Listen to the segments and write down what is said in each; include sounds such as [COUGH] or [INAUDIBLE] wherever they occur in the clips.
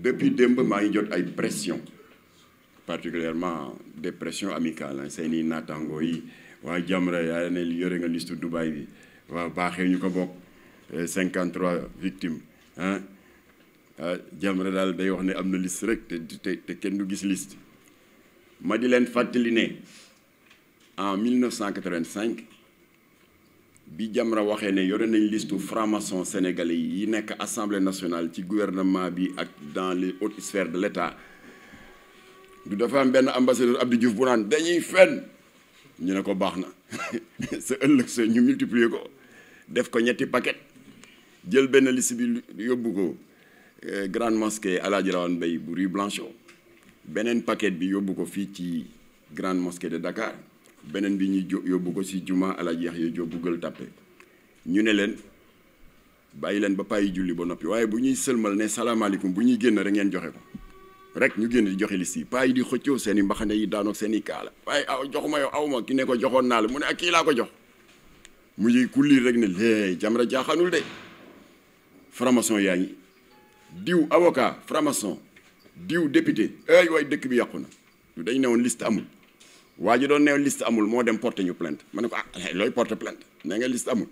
depuis démb maa ngi jot ay pression particulièrement des pression amicales seeni i naataangoo yi waa Jamra yaa ne yore nga liste Dubaï bi waaw baaxee ñu ko bokk 53 eh, victimes ah Jamra daal day wax ne am na liste rek te te te kenn du gis liste ma di leen fàttali ne en 1985. bi Jamra waxee ne yore nañ listu franc-maçon sénégalais yi nekk assemblée nationale ci gouvernement bi ak dans les hautes sphères de l'état du dafa am benn ambassadeur Abdou Diouf bu naan dañuy fenn ñu ne ko baax na [LAUGHS] sa ëllëg sa ñu multiplier ko def ko ñetti paquet jël benn liste bi yóbbu ko euh, grande mosquée Alaaji Rawane Mbaye bu rue Blanchot beneen paquet bi yóbbu ko fii ci grande mosquée de Dakar beneen bi ñuy jo yóbbu ko si juma alaaj Yaxya Jóob bu Gueule Tapée ñu ne leen bàyyi leen ba pàyyi julli ba noppi waaye bu ñuy sëlmal ne salaamaaleykum bu ñuy génn rek ngeen joxe ko rek ñu génn di joxe liste yi paa di xëccoo seen i mbaxane yi daanoog seeni i kaala waaye aw joxuma yow awma ki ne ko joxoon naa la mu ne ak ah, kii laa ko jox mu yëy ku liir rek ne lée Jamra jaaxanul de framason maçon yaa ngi diw awoka framason diw député ay waay dëkk bi yàqu ne woon liste waa ji doon ne list amul moo dem porter ñu plainte ma ne ko ah eh, looy porter plainte nee nga liste amul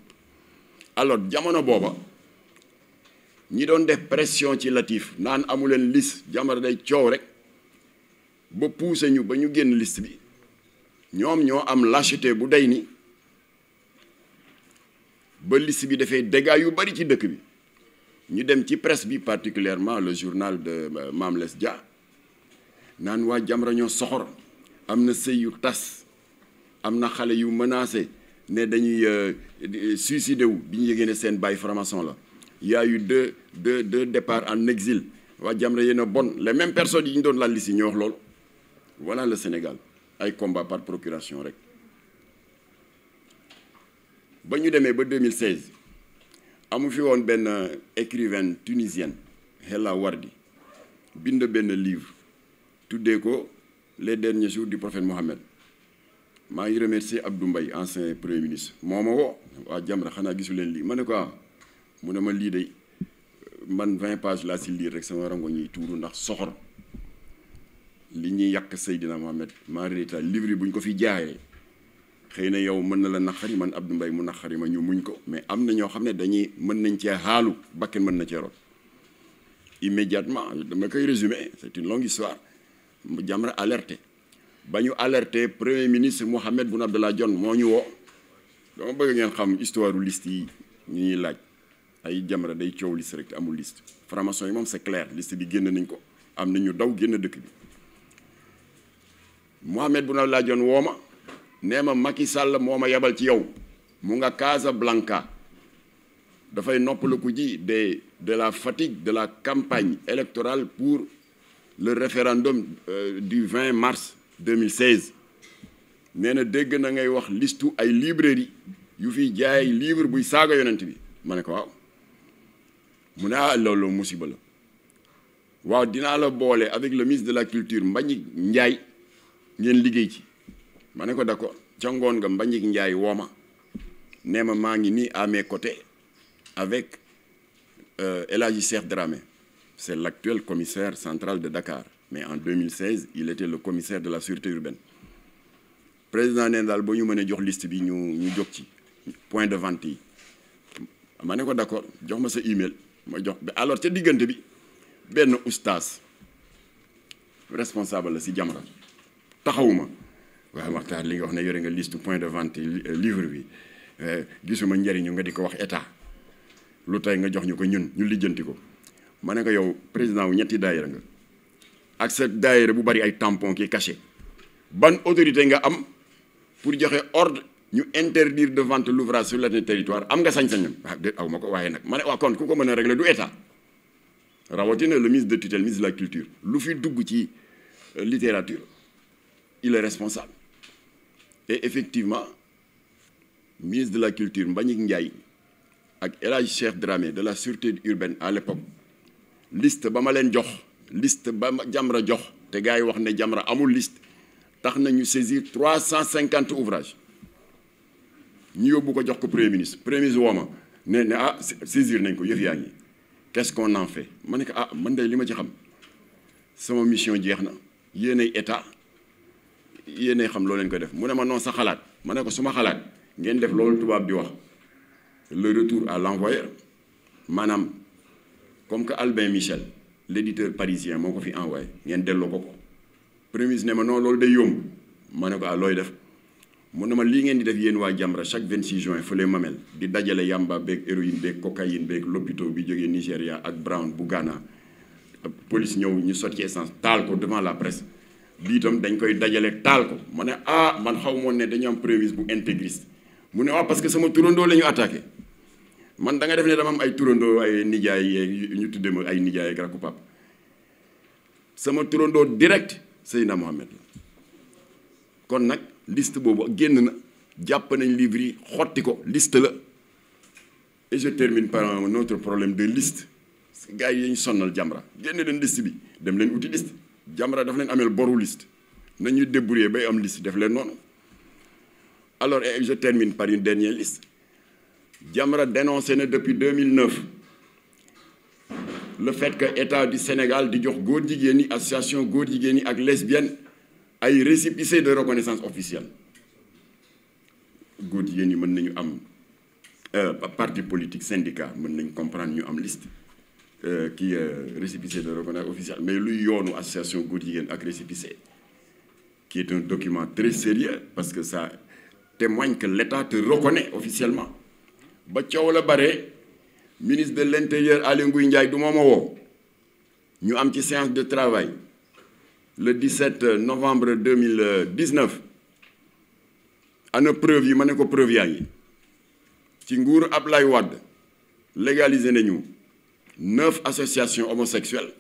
alors jamono booba ñi doon def pression ci Latif naan amuleen liste jamono day coow rek ba pousser ñu ba ñu génn liste bi ñoom ñoo am lâcheté bu day ni ba liste bi dafay dégâts yu bari ci dëkk bi ñu dem ci presse bi particulièrement le journal de euh, maam Less Dia naan waa Jamra ñoo soxor am na sëy yu tas am na xale yu menacé ne dañuy euh, euh, suicidé wu bi ñu yëgee ne seen baay franc la y a eu deux deux deux départs en exil waa Jamra yéen a bon les mêmes personnes yi ñu doon laal si ñoo wax loolu voilà le Sénégal ay combat par procuration rek ba ñu demee ba 2016 amu fi woon benn euh, écrivaine tunisienne Hela Wardi bind benn livre tuddee ko les derniers jours di prophète Mohammed maa ngi remercier Abdou Mbaye ancien premier ministre moo ma woo waa Jamra xanaa gisuleen lii ma ne ko ah, mu ne ma lii de man vingt pages laa si lire rek sama rango ñuy tuuru ndax soxor li ñuy yàq Seydina Mohamed maa reeta livre bu ñu ko fi jaayee xëy na yow mën na la naqari man Abdou mbay mu naqari ma ñu muñ ko mais am na ñoo xam ne dañuy mën nañ cee xaalu bakken mën na cee rot immédiatement dama koy résumer c'est une Jamra alerte ba ñu alerte premier ministre Mohamed Boun Abdallah Dionne moo ñu woo dama bëgg ngeen xam histoire liste yi ñu ñuy laaj ay Jamra day coow liste rek te amul liste formation yi moom c'est clair liste bi génn nañ ko am na ñu daw génn dëkk bi Mohamed Boun Abdallah Dionne woo ma nee ma Macky Sall moo ma yebal ci yow mu nga Casablanca dafay noppaliku ji de de la fatigue de la campagne électorale pour le référendum euh, du 20 mars 2016 nee na dégg na ngay wax listu ay librairie yu fiy jaay libre buy saaga yonent bi ma ne ko waaw mu ne ah loolu musiba la waaw dinaa la boole avec le ministre de la culture Mbagnick Ndiaye ngeen liggéey ci ma ne ko d'accord ca ngoon nga Mbagnick Ndiaye woo ma nee ma maa ngi nii amee mes côtés avec euh, El Cheikh Dramé c'est l'actuel commissaire central de Dakar mais en 2016 il était le commissaire de la sûreté urbaine président neen daal ba ñu mënee jox liste bi ñu ñu jóg ci point de vente yi ma ne ko d'accord jox ma sa email ma jox ba alors ca diggante bi benn oustaz responsable la si Jamra taxawuma waaw waxtaan li nga wax ne yore nga list point de vente euh, livre bi euh, gisuma njëriñu nga di ko wax état lu tey nga jox ñu ko ñun ñu lijjanti ko ma ne ko yow président wu ñetti daayira nga ak sa daayira bu bari ay tampon ki caché ban autorité nga am pour joxe ordre ñu interdire de vente l'ouvrage sur le territoire am nga sañ-sañam waaw ah, aw ma ko waaye nag ma ne waa kon ku ko mën a régler du état rawatina le ministre de tutelle ministre de la culture lu fi dugg ci euh, littérature il est responsable et effectivement ministre de la culture Mbagnick Ndiaye ak El Hadj Cheikh Dramé de la sûreté urbaine à l'époque liste ba ma leen jox liste ba ma Jamra jox te gars yi wax ne Jamra amul liste tax nañu ñu saisir trois cent cinquante ouvrages ñu yóbbu ko jox ko premier ministre premier ministre woo ma ne ne ah saisir nañ ko yëf yaa ngi qu'est-ce qu'on fait ma ne ko ah man de li ma ci xam sama mission jeex na yéenay état yéenay xam loo leen ko def mu ne ma non sa xalaat ma ne ko suma xalaat ngeen def loolu tubaab di wax le retour à l'envoyeur maanaam. comme que Albin Michel l'éditeur parisien moo ko fi envoyé ngeen delloo ko ko ne ma non loolu day yomb ma ne ko ah looy def mu na ma lii ngeen di def yéen waa Jamra chaque 26 juin fële Mamel di dajale yamba beeg héroïne beeg cocaïne beeg lopito bi jógee Nigéria ak Brown bu Ghana police ñëw ñu sotti essence taal ko devant la presse lii tam dañ koy dajale taal ko ma ne ah man xaw moon ne dañu am premier bu intégriste mu ne waaw ah, parce que sama turandoo la attaqué man da nga def ne dama ay turandoo ay nijaay yeeg ñu tuddee ma ay nijaay ak rakku pap sama turandoo direct Seydina Mohamed la kon nag liste boobu génn na jàpp nañ livre yi xotti ko liste la et je termine par un autre problème de liste gars yi dañu sonnal Jamra génn leen liste bi dem leen uti liste Jamra daf leen ameel boru liste nañuy débrouiller bay am liste def leen noonu alors et je termine par une dernière liste Jamra dénoncé na depuis 2009 le fait que état du Sénégal di jox góor jigéen ñi association góor jigéen ñi ak lesbienne ay récépissé de reconnaissance officielle góor jigéen ñi mën nañu am euh, parti politique syndicat mën nañ comprendre ñu am liste kii euh, euh, récépissé de reconnaissance officielle mais luy yoonu association góor jigéen ak récépissé qui est un document très sérieux parce que ça témoigne que l'état te reconnaît officiellement ba coow la bare ministre de l'intérieur Aly Ngouille Ndiaye du mooma woo ñu am ci séance de travail le 17 novembre 2019 ana preuve yi ma ne ko preuve yaa ngi ci nguur Ablaye Wade légaliser nañu neuf associations homosexuelles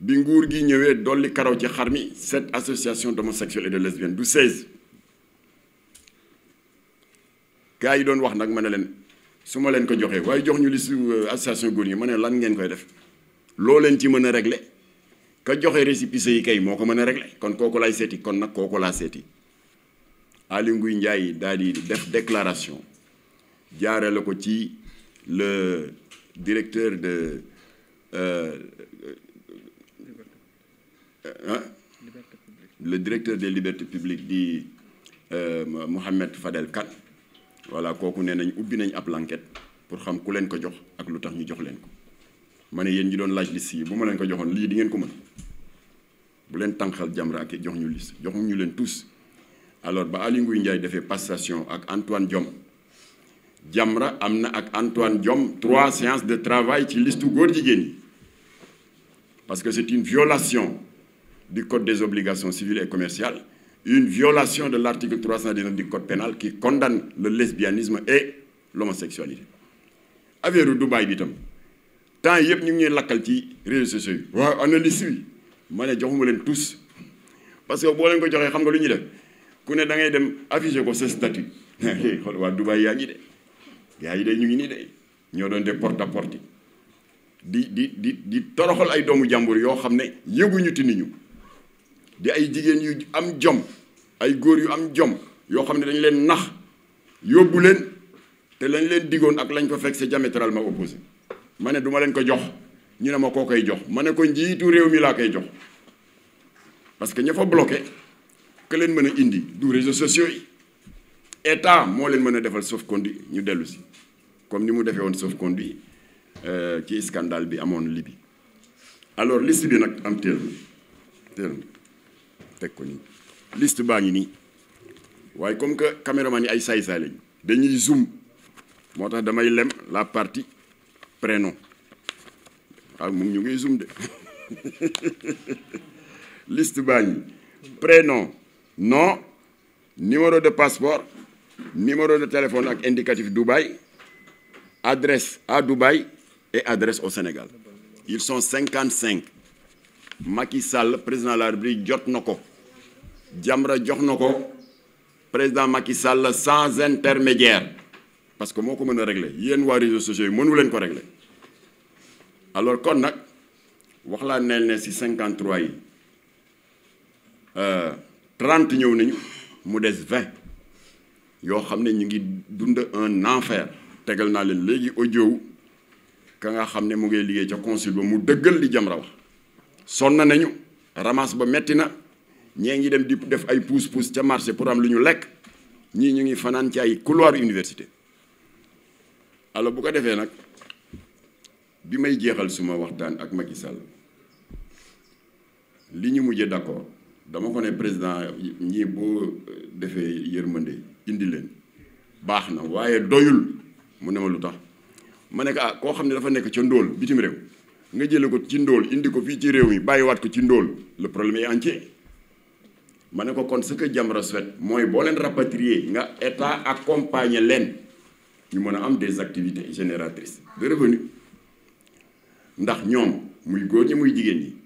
bi nguur gi ñëwee dolli karaw ci xar mi association de d'homosexuels et de lesbiennes du seize gars yi doon wax nag ma ne leen su ma leen ko joxee waaye jox ñu liste euh, association góor yi ma lan ngeen koy def loo leen ci mën a regle ka joxe récépissé yi kay moo ko mën a régler kon kooku laay seeti kon nag kooku laa seeti Aly Ngouille Ndiaye daal di def déclaration jaare la ko ci le directeur de euh, euh, le directeur des libertés publiques di Mohamed Fadel Kane voilà kooku nee nañ ubbi nañ ab l'enquête pour xam ku leen ko jox ak lu tax ñu jox leen ko ma ne yéen ñi doon laaj liste yi bu ma leen ko joxoon lii di ngeen ko mën bu leen tànqal Jamra ak jox ñu liste jox ñu leen tous alors ba Aly Ngouille Ndiaye defee passation ak Antoine Diome Jamra am na ak Antoine Diome trois séances de travail ci listu góor jigéen yi parce que c'est une violation di code des obligations civiles et commerciales une violation de l'article 319 di code pénal qui condamne le lesbianisme et l'homosexualité affaire Dubaï bi itam temps yëpp ñu ngi ñuy lakkal ci réseaux sociaux yi waaw analyse bi ma ne joxuma leen tous parce que boo leen ko joxee xam nga lu ñuy def ku ne da ngay dem afficher ko sa statut xool waa Dubaï yaa ngi de yaa ngi de ñu ngi nii de ñoo doon de porte à porte di di di di toroxal ay doomu jàmbur yoo xam ne yëguñu ti ni ñu di ay jigéen yu am jom ay góor yu am jom yoo xam ne dañ leen nax yóbbu leen te lañ leen digoon ak lañ ko fekk c'est diamétralement opposé ma ne duma leen ko jox ñu ne ma koo koy jox ma ne ko njiitu réew mi laa koy jox parce que ña fa bloqué que leen mën a indi du réseaux sociaux yi état moo leen mën a defal sauf-conduit ñu dellusi comme ni mu defee woon sauf-conduit euh, ci scandale bi amoon Libye alors liste bi nag am téel téel teg ko nii liste baa ngi nii waaye comme que caméraman yi ay saay-saay lañu dañuy zoom moo tax damay lem la partie prénom waaw ah, moom ñu ngi zoom de [LAUGHS] liste baa ngi prénom nom numéro de passeport numéro de téléphone ak indicatif Dubaï adresse à Dubaï et adresse au Sénégal ils sont cinquante cinq Macky Sall président de la République jot na ko Jamra jox na ko président Macky Sall sans intermédiaire parce que moo ko mën a régler yéen waa réseaux sociaux yi mënu leen ko régler alors kon nag wax laa neel ne si 53 yi 30 euh, ñëw nañu mu des 20 yoo xam ne ñu ngi dund un enfer tegal naa leen léegi audio ka nga xam ne mu ngi liggéey ca consul ba mu dëggal di Jamra wax sonn nañu ramas ba metti na. ñee ngi dem di def ay pousse pousse ca marché pour am lu ñu lekk ñii ñu ngi fanaan ci ay couloir université alo bu ko defee nag bi may jeexal suma waxtaan ak Macky Sall li ñu mujjee d'accord dama ko ne président ñii boo defee yërmande indi leen baax na waaye doyul mu ne ma lu tax ma ne ko ah koo xam ne dafa nekk ca ndóol bitim réew nga jële ko ci ndóol indi ko fii ci réew mi waat ko ci ndóol le problème est entier ma ne ko kon ce que Jamra souhaite mooy boo leen rapatrier nga état accompagner leen ñu mën a am des activités génératrices de ndax ñoom muy góor ñi muy jigéen ñi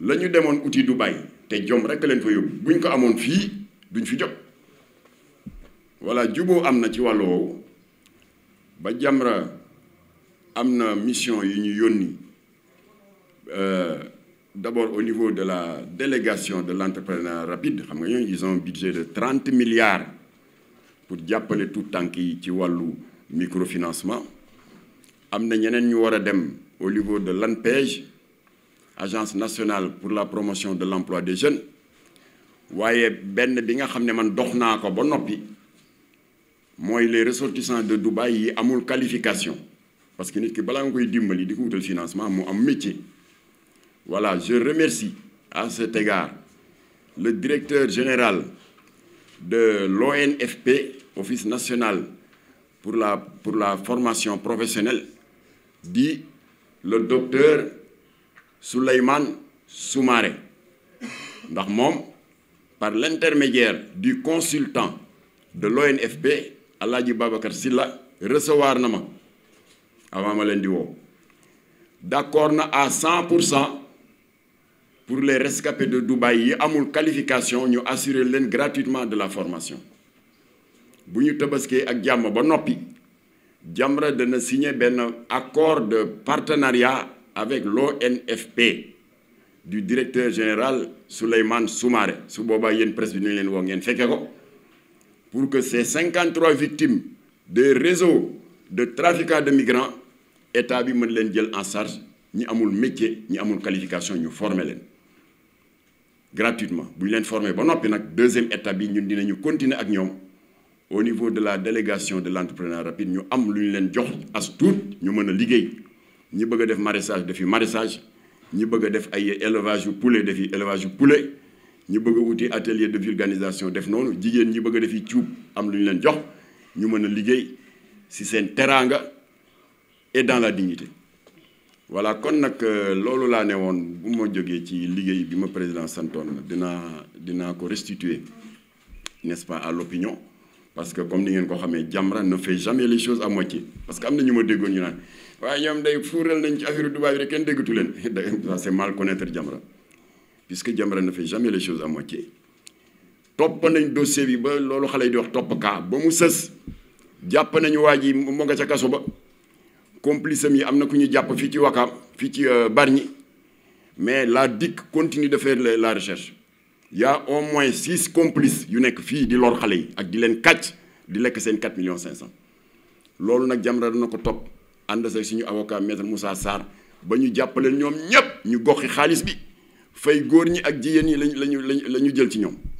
la ñu demoon uti Dubaï te jom rekk leen fa yóbbu ñu ko amoon fii duñ fi jot voilà juboo am na ci wàllu woowu ba Jamra am na mission yu ñu yónni. Euh, d'abord au niveau de la délégation de l'entrepreneuriat rapide xam nga ñooñu ils ont un budget de trente milliards pour jàppale tout tànk yi ci wàllu microfinancement am na ñeneen ñu war a dem au niveau de l'ANPEJ agence nationale pour la promotion de l'emploi des jeunes waaye benn bi nga xam ne man dox naa ko ba noppi mooy les ressortissants de Dubaï yi amul qualification parce que nit ki balaa nga koy dimbali di ko wutal financement mu am métier Voilà, je remercie à cet égard le directeur général de l'ONFP, Office national pour la, pour la formation professionnelle, di le docteur Souleymane Soumaré. ndax moom par l'intermédiaire du consultant de l'ONFP Alaaji Babacar la recevoir na ma avant ma leen di woo d'accord na à pour les rescapés de Dubaï yi amul qualification ñu assurer leen gratuitement de la formation bu ñu tabaskee ak jàmm ba noppi Jamra dana signer benn accord de partenariat avec l'ONFP du directeur général Souleymane Soumaré su boobaa yéen presse bi ñu leen woo ngeen fekke ko pour que ces 53 victimes des réseaux de trafiquants de migrant état bi mën leen jël en charge ñi amul métier ñi amul qualification ñu former leen gratuitement bu ñu leen formé ba noppi nag deuxième état bi ñun dinañu continuer ak ñoom au niveau de la délégation de l' entrepreneur rapide ñu am lu ñu leen jox as tuut ñu mën a liggéey ñu bëgg a def maraîchage defi maraîchage ñu bëgg a def ay élevage yu poulet defi élevage yu poulet ñi bëgg a wuti atelier de vulganisation def noonu jigéen ñi bëgg a defi cuub am lu ñu leen jox ñu mën a liggéey si seen teraanga et dans la dignité voilà kon nag euh, loolu laa ne woon bu ma jógee ci liggéey bi ma président santoon dina dinaa ko restituer n'est-ce pas à l'opinion parce que comme ni ngeen ko xamee Jamra ne fait jamais les choses à moitié parce que am na ñu ma déggoon ñu naan waaye ñoom day fuural nañ ci affaire Dubaï bi rek kenn déggatu leen [LAUGHS] ça c'est mal connaître Jamra puisque Jamra ne fait jamais les choses à moitié topp nañ dossier bi ba loolu xale yi di wax topp kaa ba mu sës jàpp nañu waa ji mu nga ca kaso ba complice am yi am na ku ñu jàpp fii ci Wakaam fii ci euh, Bargny mais la dikk continue de faire la recherche il y au moins six complices yu nekk fii di lor xale yi ak di leen kàcc di lekk seen 4 cinq cent loolu nag Jamra na ko topp ànd sa suñu avocat maître Moussa Sarr ba ñu jàppaleen ñoom ñépp ñu goxi xaalis bi fay góor ñi ak jigéen ñi lañu lañu la ñu jël ci ñoom